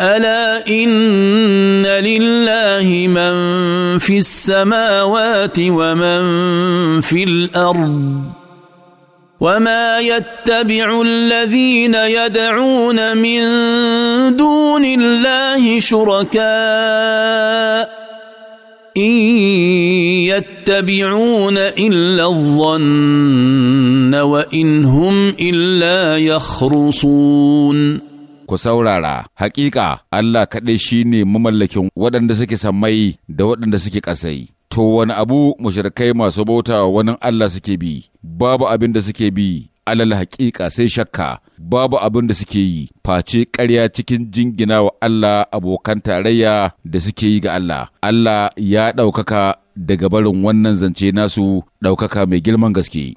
الا ان لله من في السماوات ومن في الارض وما يتبع الذين يدعون من دون الله شركاء ان يتبعون الا الظن وان هم الا يخرصون ku saurara, hakika Allah kaɗai shi ne mamallakin waɗanda suke sammai da waɗanda suke ƙasai. To wani abu mushrikai masu bauta wani Allah suke bi, babu abin da suke bi alal haƙiƙa sai shakka babu abin da suke yi face karya cikin jingina wa Allah abokan tarayya da suke yi ga Allah. Allah ya ɗaukaka daga barin wannan zance nasu ɗaukaka mai girman gaske.